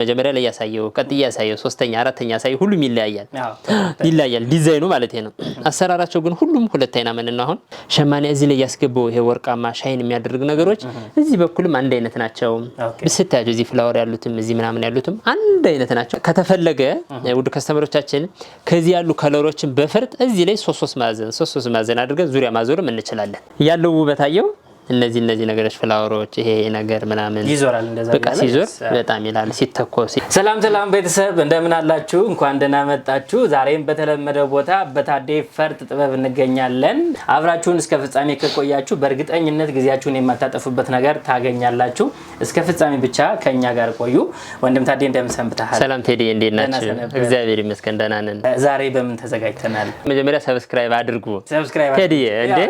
መጀመሪያ ላይ ያሳየው ቀጥ ያሳየው ሶስተኛ አራተኛ ያሳየው ሁሉም ይለያያል ይለያያል ዲዛይኑ ማለት ነው። አሰራራቸው ግን ሁሉም ሁለት አይና ምን ነው አሁን ሸማኔ እዚህ ላይ ያስገባው ይሄ ወርቃማ ሻይን የሚያደርግ ነገሮች እዚህ በኩልም አንድ አይነት ናቸው ብስታያቸው እዚህ ፍላወር ያሉትም እዚህ ምናምን ያሉትም አንድ አይነት ናቸው። ከተፈለገ ውድ ከስተመሮቻችን ከዚህ ያሉ ከለሮችን በፈርጥ እዚህ ላይ ሶስት ሶስት ማዘን ሶስት ሶስት ማዘን አድርገን ዙሪያ ማዞርም እንችላለን። ያለው ውበታየው እነዚህ እነዚህ ነገሮች ፍላወሮች፣ ይሄ ነገር ምናምን ይዞራል፣ እንደዛ በቃ ሲዞር በጣም ይላል ሲተኮስ። ሰላም ሰላም ቤተሰብ እንደምን አላችሁ? እንኳን ደህና መጣችሁ። ዛሬም በተለመደው ቦታ በታዴ ፈርጥ ጥበብ እንገኛለን። አብራችሁን እስከ ፍጻሜ ከቆያችሁ በእርግጠኝነት ጊዜያችሁን የማታጠፉበት ነገር ታገኛላችሁ። እስከ ፍጻሜ ብቻ ከኛ ጋር ቆዩ። ወንድም ታዴ እንደምን ሰንብተሃል? ሰላም ቴዲ እንዴት ናችሁ? እግዚአብሔር ይመስገን ደህና ነን። ዛሬ በምን ተዘጋጅተናል? መጀመሪያ ሰብስክራይብ አድርጉ። ሰብስክራይብ ቴዲ እንዴ፣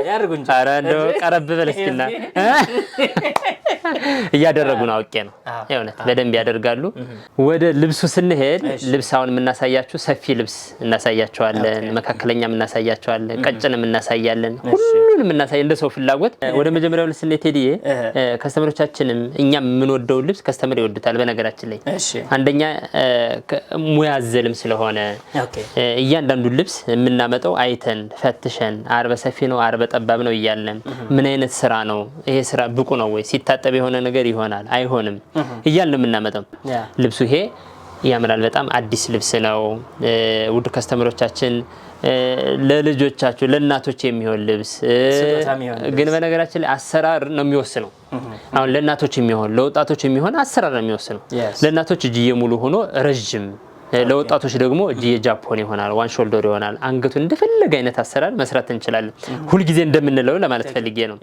ኧረ እንደው ቀረብ በል እያደረጉ ነው አውቄ ነው የእውነት በደንብ ያደርጋሉ። ወደ ልብሱ ስንሄድ ልብስ አሁን የምናሳያችሁ ሰፊ ልብስ እናሳያቸዋለን፣ መካከለኛም እናሳያቸዋለን፣ ቀጭንም እናሳያለን፣ ሁሉንም እናሳይ እንደ ሰው ፍላጎት። ወደ መጀመሪያው ልብስ ስንሄድ ቴዲዬ ከስተመሮቻችንም እኛም የምንወደውን ልብስ ከስተመር ይወዱታል። በነገራችን ላይ አንደኛ ሙያ ስለሆነ እያንዳንዱ ልብስ የምናመጣው አይተን ፈትሸን አርበ ሰፊ ነው አርበ ጠባብ ነው እያለን ምን አይነት ስራ ነው ነው ይሄ ስራ ብቁ ነው ወይ ሲታጠብ የሆነ ነገር ይሆናል አይሆንም እያልን የምናመጣው ልብሱ ይሄ ያምራል። በጣም አዲስ ልብስ ነው። ውድ ከስተመሮቻችን ለልጆቻችሁ ለእናቶች የሚሆን ልብስ ግን በነገራችን ላይ አሰራር ነው የሚወስነው። አሁን ለእናቶች የሚሆን ለወጣቶች የሚሆን አሰራር ነው የሚወስነው። ለእናቶች እጅ ሙሉ ሆኖ ረዥም ለወጣቶች ደግሞ እጅ ጃፖን ይሆናል፣ ዋን ሾልደር ይሆናል። አንገቱ እንደፈለገ አይነት አሰራር መስራት እንችላለን። ሁልጊዜ እንደምንለው ለማለት ፈልጌ ነው።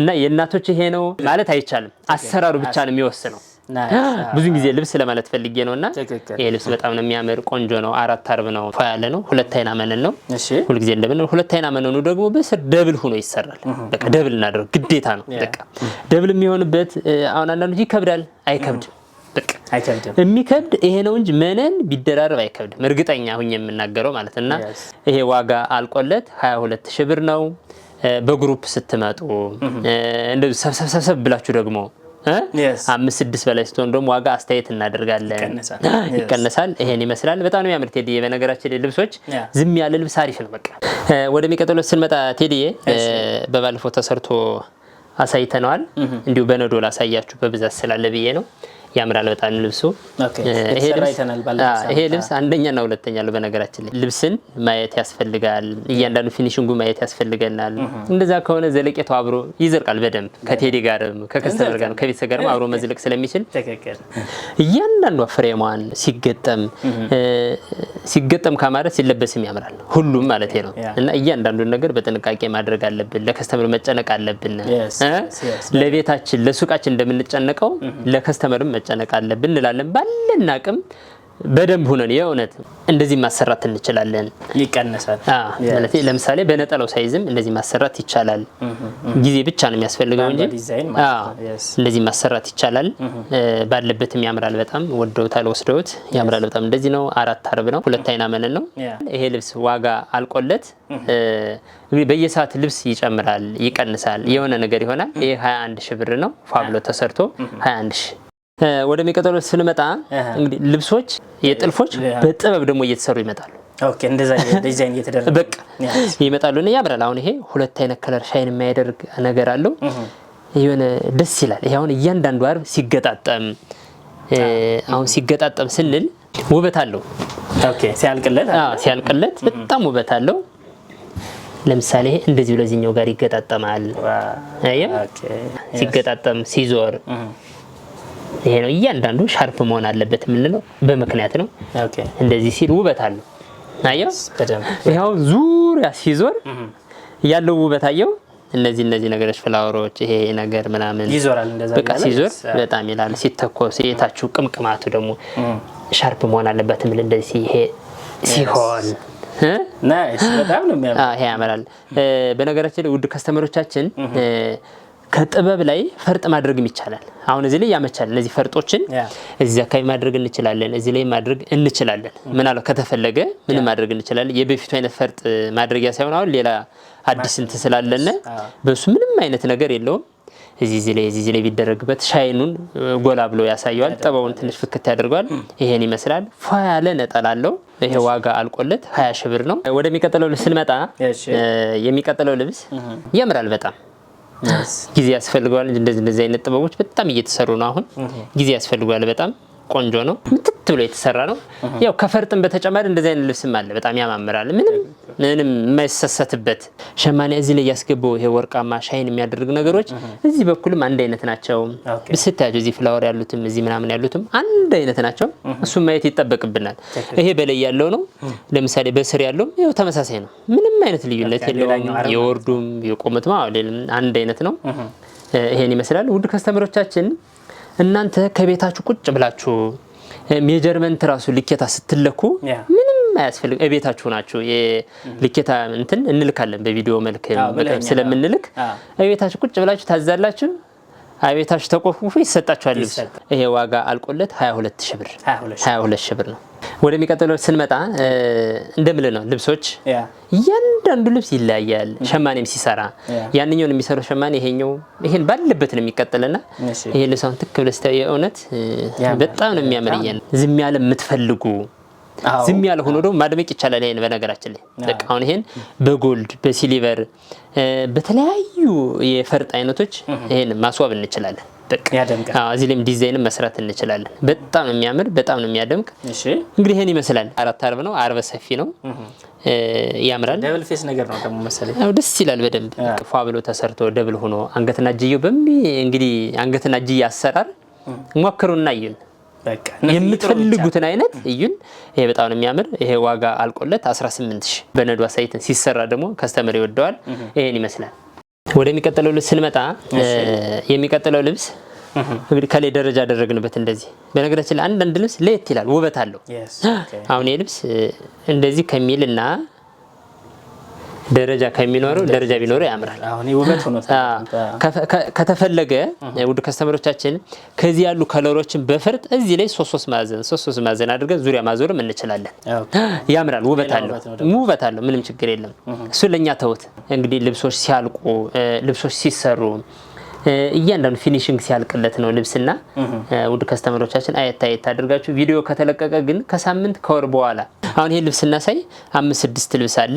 እና የእናቶች ይሄ ነው ማለት አይቻልም። አሰራሩ ብቻ ነው የሚወስነው። ብዙ ጊዜ ልብስ ለማለት ፈልጌ ነው። እና ይሄ ልብስ በጣም ነው የሚያምር፣ ቆንጆ ነው። አራት አርብ ነው፣ ፏ ያለ ነው። ሁለት አይና መነን ነው። ሁልጊዜ እንደምንለው ሁለት አይና መነኑ ደግሞ በስር ደብል ሆኖ ይሰራል። በቃ ደብል እናደርግ ግዴታ ነው። በቃ ደብል የሚሆንበት አሁን አንዳንዱ ይከብዳል፣ አይከብድም ጥቅ የሚከብድ ይሄ ነው እንጂ መነን ቢደራረብ አይከብድም። እርግጠኛ ሁኝ የምናገረው ማለት እና ይሄ ዋጋ አልቆለት 22 ሺህ ብር ነው። በግሩፕ ስትመጡ እንደዚህ ሰብሰብሰብ ብላችሁ ደግሞ አምስት ስድስት በላይ ስትሆን ደግሞ ዋጋ አስተያየት እናደርጋለን፣ ይቀነሳል። ይሄን ይመስላል። በጣም ነው የሚያምር ቴዲዬ። በነገራችን ልብሶች ዝም ያለ ልብስ አሪፍ ነው። በቃ ወደሚቀጥለው ስንመጣ ቴዲዬ በባለፈው ተሰርቶ አሳይተነዋል። እንዲሁ በነዶ ላሳያችሁ በብዛት ስላለ ብዬ ነው። ያምራል በጣም ልብሱ። ይሄ ልብስ አንደኛና ሁለተኛ ነው። በነገራችን ላይ ልብስን ማየት ያስፈልጋል። እያንዳንዱ ፊኒሽንጉ ማየት ያስፈልገናል። እንደዛ ከሆነ ዘለቄቱ አብሮ ይዘልቃል። በደንብ ከቴዲ ጋርም ከከስተመር ጋር ከቤተሰብ ጋርም አብሮ መዝለቅ ስለሚችል እያንዳንዷ ፍሬሟን ሲገጠም ሲገጠም ካማረ ሲለበስም ያምራል። ሁሉም ማለት ነው እና እያንዳንዱን ነገር በጥንቃቄ ማድረግ አለብን። ለከስተመር መጨነቅ አለብን። ለቤታችን ለሱቃችን እንደምንጨነቀው ለከስተመርም መጨነቅ አለብን እንላለን። ባለን አቅም በደንብ ሁነን የእውነት እንደዚህ ማሰራት እንችላለን። ይቀነሳል ማለት ለምሳሌ በነጠላው ሳይዝም እንደዚህ ማሰራት ይቻላል። ጊዜ ብቻ ነው የሚያስፈልገው እንጂ እንደዚህ ማሰራት ይቻላል። ባለበትም ያምራል። በጣም ወደውታል፣ ወስደውት ያምራል። በጣም እንደዚህ ነው። አራት አርብ ነው፣ ሁለት አይና መነን ነው። ይሄ ልብስ ዋጋ አልቆለት እንግዲህ በየሰዓት ልብስ ይጨምራል፣ ይቀንሳል፣ የሆነ ነገር ይሆናል። ይህ 21 ሺህ ብር ነው ፋብሎ ተሰርቶ 21 ሺህ ወደሚቀጥለው ስንመጣ እንግዲህ ልብሶች የጥልፎች በጥበብ ደግሞ እየተሰሩ ይመጣሉ። በቃ ይመጣሉ እና ያምራል። አሁን ይሄ ሁለት አይነት ከለር ሻይን የማያደርግ ነገር አለው። የሆነ ደስ ይላል። ይሄ አሁን እያንዳንዱ አርብ ሲገጣጠም አሁን ሲገጣጠም ስንል ውበት አለው። ሲያልቅለት ሲያልቅለት በጣም ውበት አለው። ለምሳሌ እንደዚህ ለዚህኛው ጋር ይገጣጠማል። ሲገጣጠም ሲዞር ይሄ ነው። እያንዳንዱ ሻርፕ መሆን አለበት የምንለው በምክንያት ነው። እንደዚህ ሲል ውበት አለው። አየው፣ ይኸው ዙሪያ ሲዞር ያለው ውበት አየው። እነዚህ እነዚህ ነገሮች ፍላወሮች፣ ይሄ ነገር ምናምን ይዞራል። በቃ ሲዞር በጣም ይላል። ሲተኮስ የታችሁ ቅምቅማቱ ደግሞ ሻርፕ መሆን አለበት የምል እንደዚህ ይሄ ሲሆን ይሄ ያመራል። በነገራችን ውድ ከስተመሮቻችን ከጥበብ ላይ ፈርጥ ማድረግም ይቻላል። አሁን እዚህ ላይ ያመቻል። እነዚህ ፈርጦችን እዚህ አካባቢ ማድረግ እንችላለን፣ እዚህ ላይ ማድረግ እንችላለን። ምናለው ከተፈለገ ምን ማድረግ እንችላለን። የበፊቱ አይነት ፈርጥ ማድረጊያ ሳይሆን አሁን ሌላ አዲስ እንትን ስላለነ በሱ ምንም አይነት ነገር የለውም። እዚህ ላይ እዚህ ላይ ቢደረግበት ሻይኑን ጎላ ብሎ ያሳየዋል። ጥበቡን ትንሽ ፍክት ያደርገዋል። ይሄን ይመስላል። ፏ ያለ ነጠላ አለው። ይሄ ዋጋ አልቆለት ሀያ ሺህ ብር ነው። ወደሚቀጥለው ልብስ ስንመጣ የሚቀጥለው ልብስ ያምራል በጣም ጊዜ ያስፈልገዋል። እንደዚህ እንደዚህ አይነት ጥበቦች በጣም እየተሰሩ ነው። አሁን ጊዜ ያስፈልገዋል። በጣም ቆንጆ ነው። ምትት ብሎ የተሰራ ነው። ያው ከፈርጥም በተጨማሪ እንደዚህ አይነት ልብስም አለ። በጣም ያማምራል። ምንም ምንም የማይሰሰትበት ሸማኔ እዚህ ላይ ያስገባው ይሄ ወርቃማ ሻይን የሚያደርግ ነገሮች እዚህ በኩልም አንድ አይነት ናቸው። ብስታያቸው እዚህ ፍላወር ያሉትም እዚህ ምናምን ያሉትም አንድ አይነት ናቸው። እሱም ማየት ይጠበቅብናል። ይሄ በላይ ያለው ነው። ለምሳሌ በስር ያለው ይኸው ተመሳሳይ ነው። ምንም አይነት ልዩነት የለውም። የወርዱም የቆሙትም አንድ አይነት ነው። ይሄን ይመስላል። ውድ ከስተምሮቻችን እናንተ ከቤታችሁ ቁጭ ብላችሁ የጀርመን ትራሱ ልኬታ ስትለኩ ምንም አያስፈልግም። እቤታችሁ ናችሁ ልኬታ እንትን እንልካለን በቪዲዮ መልክ ስለምንልክ እቤታችሁ ቁጭ ብላችሁ ታዛላችሁ። አቤታችሁ ተቆፉፉ ይሰጣችኋል። ልብስ ይሄ ዋጋ አልቆለት 22 ሺህ ብር 22 ሺህ ብር ነው። ወደሚቀጥለው ስንመጣ እንደምል ነው ልብሶች፣ እያንዳንዱ ልብስ ይለያያል። ሸማኔም ሲሰራ ያንኛውን የሚሰራው ሸማኔ ይሄኛው ይሄን ባለበት ነው የሚቀጥልና ይሄ ልብስ ትክ ብለህ ስታየው የእውነት በጣም ነው የሚያምርየን ዝም ያለ የምትፈልጉ ዝም ያለ ሆኖ ደግሞ ማድመቅ ይቻላል። ይሄን በነገራችን ላይ በቃ አሁን ይሄን በጎልድ በሲሊቨር በተለያዩ የፈርጥ አይነቶች ይሄን ማስዋብ እንችላለን። እዚህ ላይም ዲዛይንም መስራት እንችላለን። በጣም የሚያምር፣ በጣም ነው የሚያደምቅ። እንግዲህ ይሄን ይመስላል። አራት አርብ ነው፣ አርበ ሰፊ ነው፣ ያምራል። ደብል ፌስ ነገር ነው ደግሞ መሰለኝ። አዎ ደስ ይላል በደንብ ፏ ብሎ ተሰርቶ ደብል ሆኖ አንገትና እጅየው በሚ እንግዲህ አንገትና እጅየ አሰራር ሞክሩና እዩን። የምትፈልጉትን አይነት እዩን። ይሄ በጣም ነው የሚያምር። ይሄ ዋጋ አልቆለት 18 ሺህ በነዱ አሳይተን ሲሰራ ደግሞ ከስተመር ይወደዋል። ይሄን ይመስላል። ወደሚቀጥለው ልብስ ስንመጣ የሚቀጥለው ልብስ እንግዲህ ከላይ ደረጃ ያደረግንበት እንደዚህ። በነገራችን ላይ አንዳንድ ልብስ ለየት ይላል፣ ውበት አለው። አሁን ይህ ልብስ እንደዚህ ከሚልና ደረጃ ከሚኖረው ደረጃ ቢኖረው ያምራል። ከተፈለገ ውድ ከስተመሮቻችን ከዚህ ያሉ ከለሮችን በፈርጥ እዚህ ላይ ሶስት ሶስት ማዕዘን ሶስት ሶስት ማዕዘን አድርገን ዙሪያ ማዞርም እንችላለን። ያምራል፣ ውበት አለው፣ ውበት አለው። ምንም ችግር የለም። እሱ ለእኛ ተውት። እንግዲህ ልብሶች ሲያልቁ ልብሶች ሲሰሩ እያንዳንዱ ፊኒሽንግ ሲያልቅለት ነው ልብስና ውድ ከስተመሮቻችን አየት አየት አድርጋችሁ ቪዲዮ ከተለቀቀ ግን ከሳምንት ከወር በኋላ አሁን ይሄ ልብስ እናሳይ አምስት ስድስት ልብስ አለ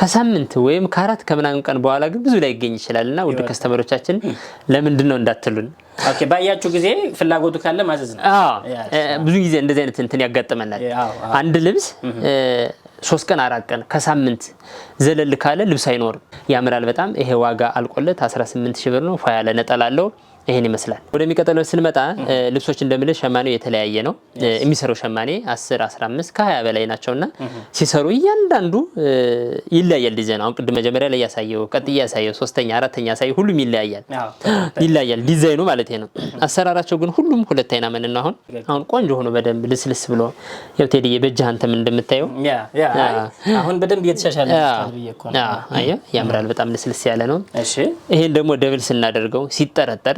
ከሳምንት ወይም ከአራት ከምናምን ቀን በኋላ ግን ብዙ ላይ ይገኝ ይችላል እና ውድ ከስተመሮቻችን ለምንድን ነው እንዳትሉን ባያችሁ ጊዜ ፍላጎቱ ካለ ማዘዝ ነው ብዙ ጊዜ እንደዚህ አይነት እንትን ያጋጥመናል አንድ ልብስ ሶስት ቀን አራት ቀን ከሳምንት ዘለል ካለ ልብስ አይኖርም። ያምራል በጣም ይሄ ዋጋ አልቆለት 18 ሺ ብር ነው። ፏ ያለ ነጠላ አለው። ይሄን ይመስላል። ወደሚቀጥለው ስንመጣ ልብሶች እንደምልህ ሸማኔው የተለያየ ነው የሚሰሩ ሸማኔ 10፣ 15 ከ20 በላይ ናቸውና ሲሰሩ እያንዳንዱ ይለያያል። ዲዛይን አሁን ቅድም መጀመሪያ ላይ ያሳየው፣ ቀጥ ያሳየው፣ ሶስተኛ፣ አራተኛ ያሳየው ሁሉም ይለያያል ይለያያል ዲዛይኑ ማለት ነው። አሰራራቸው ግን ሁሉም ሁለት አይና ምን ነው አሁን አሁን ቆንጆ ሆኖ በደንብ ልስልስ ብሎ ያው ቴዲዬ በእጅህ አንተም እንደምታየው አሁን በደንብ እየተሻሻለ ያምራል። በጣም ልስልስ ያለ ነው። ይሄን ደግሞ ደብል ስናደርገው ሲጠረጠር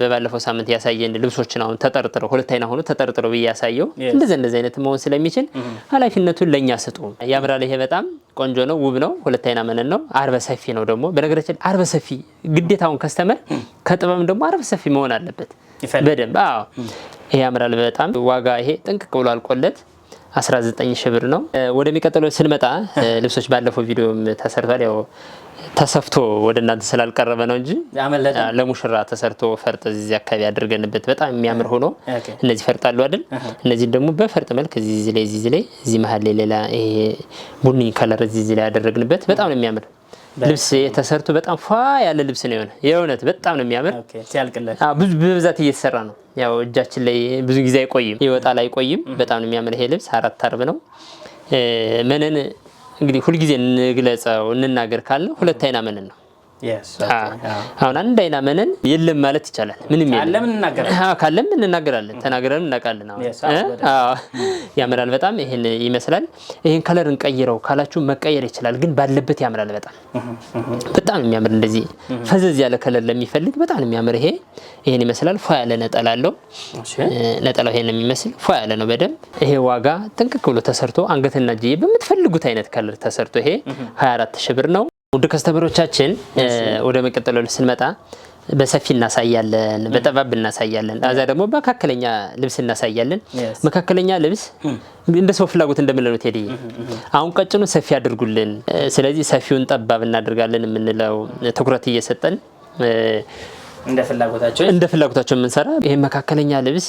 በባለፈው ሳምንት ያሳየን ልብሶችን አሁን ተጠርጥረው ሁለታይና ሆኖ ተጠርጥረው ብዬ ያሳየው እንደዚህ እንደዚህ አይነት መሆን ስለሚችል ኃላፊነቱን ለእኛ ስጡ። ያምራል። ይሄ በጣም ቆንጆ ነው፣ ውብ ነው። አይና መነን ነው። አርበ ሰፊ ነው ደግሞ በነገራችን አርበ ሰፊ ግዴታውን ከስተመር ከጥበብም ደግሞ አርበ ሰፊ መሆን አለበት በደንብ። አዎ ይሄ ያምራል በጣም ዋጋ ይሄ ጥንቅቅ ብሎ አልቆለት 19 ሺህ ብር ነው። ወደሚቀጥለው ስንመጣ ልብሶች ባለፈው ቪዲዮም ተሰርቷል ያው ተሰፍቶ ወደ እናንተ ስላልቀረበ ነው እንጂ ለሙሽራ ተሰርቶ ፈርጥ እዚህ አካባቢ አድርገንበት በጣም የሚያምር ሆኖ እነዚህ ፈርጥ አሉ አይደል? እነዚህን ደግሞ በፈርጥ መልክ እዚህ ላይ እዚህ ላይ እዚህ መሀል ላይ ሌላ ይሄ ቡኒ ከለር እዚህ ላይ ያደረግንበት በጣም ነው የሚያምር ልብስ ተሰርቶ በጣም ፏ ያለ ልብስ ነው የሆነ የእውነት በጣም ነው የሚያምር። ብዙ በብዛት እየተሰራ ነው። ያው እጃችን ላይ ብዙ ጊዜ አይቆይም፣ ይወጣል አይቆይም። በጣም ነው የሚያምር ይሄ ልብስ አራት አርብ ነው መነን እንግዲህ ሁልጊዜ እንግለጸው እንናገር ካልን ሁለት አይናመንን ነው። አሁን አንድ አይና መነን የለም ማለት ይቻላል። ምንም ካለም እንናገራለን፣ ተናግረን እናውቃለን። ያምራል በጣም ይህን ይመስላል። ይህን ከለር እንቀይረው ካላችሁ መቀየር ይችላል፣ ግን ባለበት ያምራል። በጣም በጣም የሚያምር እንደዚህ ፈዘዝ ያለ ከለር ለሚፈልግ በጣም የሚያምር ይሄ ይህን ይመስላል። ፏ ያለ ነጠላ አለው። ነጠላው ይሄን የሚመስል ፏ ያለ ነው በደንብ ይሄ ዋጋ ጥንቅቅ ብሎ ተሰርቶ አንገትና እጅዬ በምትፈልጉት አይነት ከለር ተሰርቶ ይሄ 24 ሺህ ብር ነው። ውድ ከስተመሮቻችን ወደ መቀጠለው ስንመጣ በሰፊ እናሳያለን፣ በጠባብ እናሳያለን፣ አዛ ደግሞ መካከለኛ ልብስ እናሳያለን። መካከለኛ ልብስ hmm. እንደ ሰው ፍላጎት እንደምንለው ቴዲ፣ hmm, hmm, አሁን ቀጭኑ ሰፊ አድርጉልን፣ ስለዚህ ሰፊውን ጠባብ እናደርጋለን የምንለው ትኩረት እየሰጠን እንደ ፍላጎታቸው እንደ ፍላጎታቸው የምንሰራ ይሄ መካከለኛ ልብስ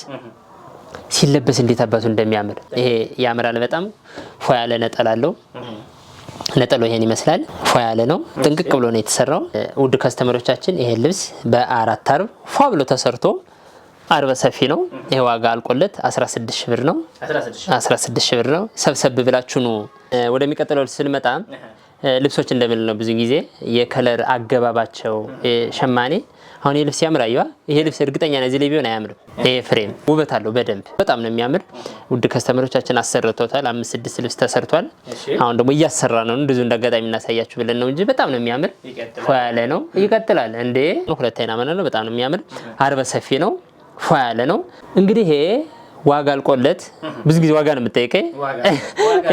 ሲለበስ እንዴት አባቱ እንደሚያምር ይሄ ያምራል። በጣም ፏ ያለ ነጠላ አለው። ነጠሎ ይሄን ይመስላል። ፏ ያለ ነው፣ ጥንቅቅ ብሎ ነው የተሰራው። ውድ ከስተመሮቻችን ይሄን ልብስ በአራት አርብ ፏ ብሎ ተሰርቶ አርበ ሰፊ ነው። ይሄ ዋጋ አልቆለት 16 ብር ነው። 16 ብር ነው። ሰብሰብ ብላችሁ ኑ። ወደሚቀጥለው ስንመጣ ልብሶች እንደምንል ነው ብዙ ጊዜ የከለር አገባባቸው ሸማኔ አሁን ይህ ልብስ ያምር አየዋ። ይሄ ልብስ እርግጠኛ ነው እዚህ ላይ ቢሆን አያምርም። ይሄ ፍሬም ውበት አለው በደንብ በጣም ነው የሚያምር። ውድ ከስተመሮቻችን አሰርቶታል። አምስት ስድስት ልብስ ተሰርቷል። አሁን ደግሞ እያሰራ ነው እንደዙ እንዳጋጣሚ እናሳያችሁ ብለን ነው እንጂ በጣም ነው የሚያምር። ፏ ያለ ነው ይቀጥላል። እንዴ ሁለት አይና መነ ነው በጣም ነው የሚያምር። አርበ ሰፊ ነው ፏ ያለ ነው እንግዲህ ይሄ ዋጋ አልቆለት ብዙ ጊዜ ዋጋ ነው የምጠይቀኝ።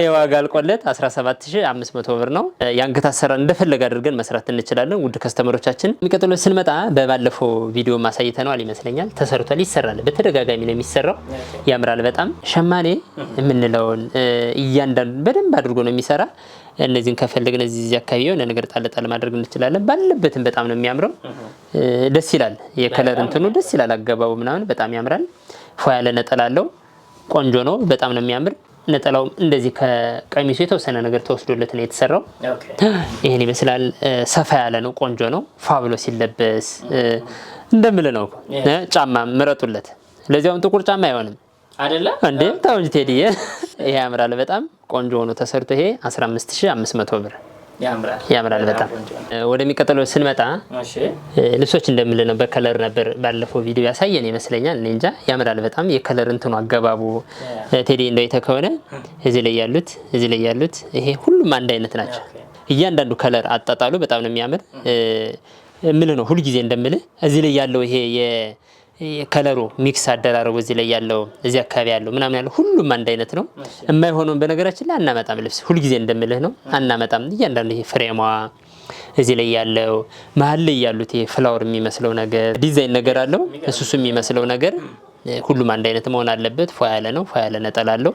ይሄ ዋጋ አልቆለት 17500 ብር ነው። የአንገት አሰራር እንደፈለገ አድርገን መስራት እንችላለን። ውድ ከስተመሮቻችን የሚቀጥለው ስንመጣ በባለፈው ቪዲዮ ማሳይተነዋል ይመስለኛል። ተሰርቷል፣ ይሰራል፣ በተደጋጋሚ ነው የሚሰራው። ያምራል በጣም ሸማኔ የምንለውን እያንዳንዱ በደንብ አድርጎ ነው የሚሰራ። እነዚህን ከፈለግን እዚህ አካባቢ የሆነ ነገር ጣል ማድረግ እንችላለን። ባለበትም በጣም ነው የሚያምረው። ደስ ይላል፣ የከለር እንትኑ ደስ ይላል፣ አገባቡ ምናምን በጣም ያምራል። ፏ ያለ ነጠላ አለው። ቆንጆ ነው። በጣም ነው የሚያምር። ነጠላውም እንደዚህ ከቀሚሱ የተወሰነ ነገር ተወስዶለት ነው የተሰራው። ይህን ይመስላል። ሰፋ ያለ ነው። ቆንጆ ነው። ፏ ብሎ ሲለበስ እንደምል ነው። ጫማ ምረጡለት። ለዚያውም ጥቁር ጫማ አይሆንም አይደለ እንዴ? ተው ቴዲዬ፣ ይሄ ያምራል። በጣም ቆንጆ ሆኖ ተሰርቶ ይሄ 15500 ብር ያምራል በጣም። ወደሚቀጥለው ስንመጣ ልብሶች እንደምል ነው በከለር ነበር ባለፈው ቪዲዮ ያሳየን ይመስለኛል። እኔ እንጃ ያምራል በጣም የከለር እንትኑ አገባቡ ቴዲ እንደይተ ከሆነ እዚህ ላይ ያሉት እዚህ ላይ ያሉት ይሄ ሁሉም አንድ አይነት ናቸው። እያንዳንዱ ከለር አጣጣሉ በጣም ነው የሚያምር። ምል ነው ሁልጊዜ እንደምል እዚህ ላይ ያለው ይሄ ከለሩ ሚክስ አደራረቡ እዚህ ላይ ያለው እዚህ አካባቢ ያለው ምናምን ያለው ሁሉም አንድ አይነት ነው። የማይሆነውን በነገራችን ላይ አናመጣም። ልብስ ሁልጊዜ እንደምልህ ነው አናመጣም። እያንዳንዱ ይሄ ፍሬሟ እዚህ ላይ ያለው መሀል ላይ ያሉት ይሄ ፍላወር የሚመስለው ነገር ዲዛይን ነገር አለው። እሱሱ የሚመስለው ነገር ሁሉም አንድ አይነት መሆን አለበት። ፏ ያለ ነው። ፏ ያለ ነጠላ አለው።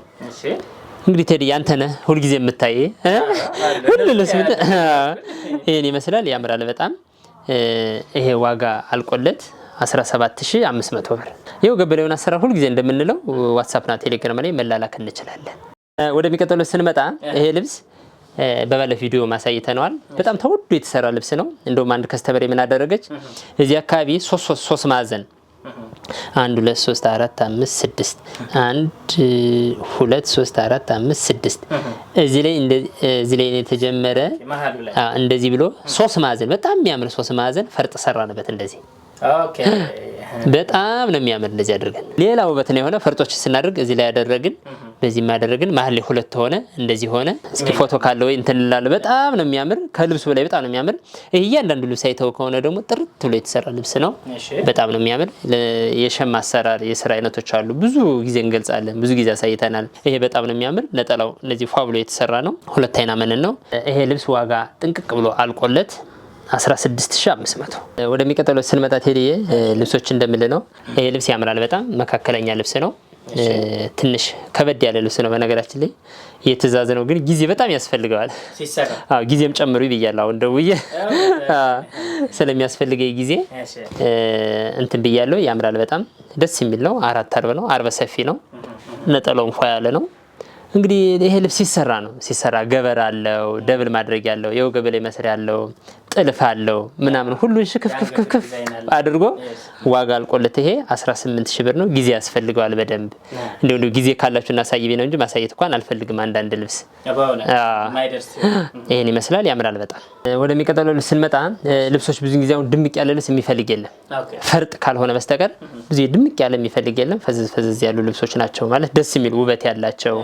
እንግዲህ ቴዲ አንተ ነህ ሁልጊዜ የምታይ ሁሉ ልብስ ይህን ይመስላል። ያምራል በጣም ይሄ ዋጋ አልቆለት 17500 ብር። ይኸው ገበሬውን አሰራር ሁልጊዜ እንደምንለው ዋትሳፕና ቴሌግራም ላይ መላላክ እንችላለን። ወደሚቀጥለው ስንመጣ ይሄ ልብስ በባለፈው ቪዲዮ ማሳይተነዋል። በጣም ተወዶ የተሰራ ልብስ ነው። እንደውም አንድ ከስተበር የምናደረገች እዚህ አካባቢ ሶስት ማዕዘን አንድ ሁለት ሶስት አራት አምስት ስድስት አንድ ሁለት ሶስት አራት አምስት ስድስት እዚህ ላይ እዚህ ላይ የተጀመረ እንደዚህ ብሎ ሶስት ማዕዘን በጣም የሚያምር ሶስት ማዕዘን ፈርጥ ሰራንበት እንደዚህ በጣም ነው የሚያምር እንደዚህ አድርገን። ሌላ ውበት ነው የሆነ ፈርጦች ስናደርግ እዚህ ላይ ያደረግን በዚህም ያደረግን መሀል ላይ ሁለት ሆነ እንደዚህ ሆነ። እስኪ ፎቶ ካለው እንትን እንላለን። በጣም ነው የሚያምር ከልብሱ በላይ በጣም ነው የሚያምር። ይህ እያንዳንዱ ልብስ አይተው ከሆነ ደግሞ ጥርት ብሎ የተሰራ ልብስ ነው። በጣም ነው የሚያምር። የሸማ አሰራር የስራ አይነቶች አሉ። ብዙ ጊዜ እንገልጻለን፣ ብዙ ጊዜ አሳይተናል። ይሄ በጣም ነው የሚያምር። ነጠላው እንደዚህ ፏ ብሎ የተሰራ ነው። ሁለት አይና መንን ነው ይሄ ልብስ ዋጋ ጥንቅቅ ብሎ አልቆለት 16500 ወደሚቀጥለው ስንመጣ ቴዲዬ ልብሶች እንደምል ነው። ይሄ ልብስ ያምራል በጣም መካከለኛ ልብስ ነው። ትንሽ ከበድ ያለ ልብስ ነው። በነገራችን ላይ የትእዛዝ ነው፣ ግን ጊዜ በጣም ያስፈልገዋል። ጊዜም ጨምሩ ብያለሁ። አሁን ደውዬ ስለሚያስፈልገ ጊዜ እንትን ብያለሁ። ያምራል በጣም ደስ የሚል ነው። አራት አርብ ነው። አርበ ሰፊ ነው። ነጠላውም ፏ ያለ ነው። እንግዲህ ይሄ ልብስ ሲሰራ ነው ሲሰራ ገበር አለው፣ ደብል ማድረግ ያለው የወገብ ላይ መስሪያ አለው፣ እጥልፋለሁ ምናምን ሁሉን ሽክፍክፍክፍ አድርጎ ዋጋ አልቆለት ይሄ 18 ሺህ ብር ነው። ጊዜ ያስፈልገዋል በደንብ እንዲሁ ጊዜ ካላችሁ እናሳይ ነው እንጂ ማሳየት እንኳን አልፈልግም። አንዳንድ ልብስ ይህን ይመስላል፣ ያምራል በጣም። ወደሚቀጥለው ልብስ ስንመጣ ልብሶች ብዙ ጊዜ አሁን ድምቅ ያለ ልብስ የሚፈልግ የለም ፈርጥ ካልሆነ በስተቀር ብዙ ድምቅ ያለ የሚፈልግ የለም። ፈዘዝ ፈዘዝ ያሉ ልብሶች ናቸው ማለት ደስ የሚል ውበት ያላቸው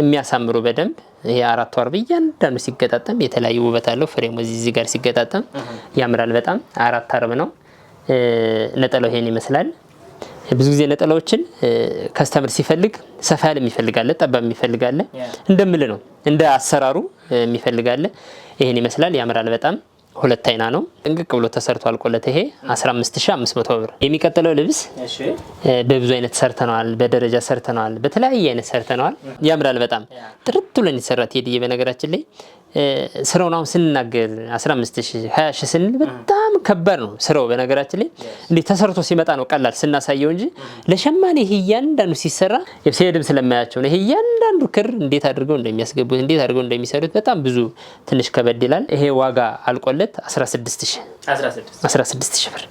የሚያሳምሩ በደንብ ይሄ አራት አርብ እያንዳንዱ ሲገጣጠም የተለያዩ ውበት አለው። ፍሬሙ እዚህ ጋር ሲገጣጠም ያምራል በጣም አራት አርብ ነው። ነጠላው ይሄን ይመስላል። ብዙ ጊዜ ነጠላዎችን ከስተምር ሲፈልግ ሰፋ ያለ የሚፈልጋለ፣ ጠባብ የሚፈልጋለ፣ እንደምል ነው እንደ አሰራሩ የሚፈልጋለ። ይሄን ይመስላል ያምራል በጣም ሁለት አይና ነው ጥንቅቅ ብሎ ተሰርቶ አልቆለት። ይሄ 15500 ብር። የሚቀጥለው ልብስ በብዙ አይነት ሰርተነዋል፣ በደረጃ ሰርተነዋል፣ በተለያየ አይነት ሰርተነዋል። ያምራል በጣም ጥርት ብለን የተሰራ ቴዲዬ። በነገራችን ላይ ስራውን አሁን ስንናገር 15020 ስንል በጣም ከባድ ነው ስራው። በነገራችን ላይ እንዴት ተሰርቶ ሲመጣ ነው ቀላል ስናሳየው እንጂ ለሸማኔ ይሄ እያንዳንዱ ሲሰራ ሲሄድም ስለማያቸው ነው። ይሄ እያንዳንዱ ክር እንዴት አድርገው እንደሚያስገቡት እንዴት አድርገው እንደሚሰሩት በጣም ብዙ ትንሽ ከበድ ይላል። ይሄ ዋጋ አልቆለት 16000 16000 ብር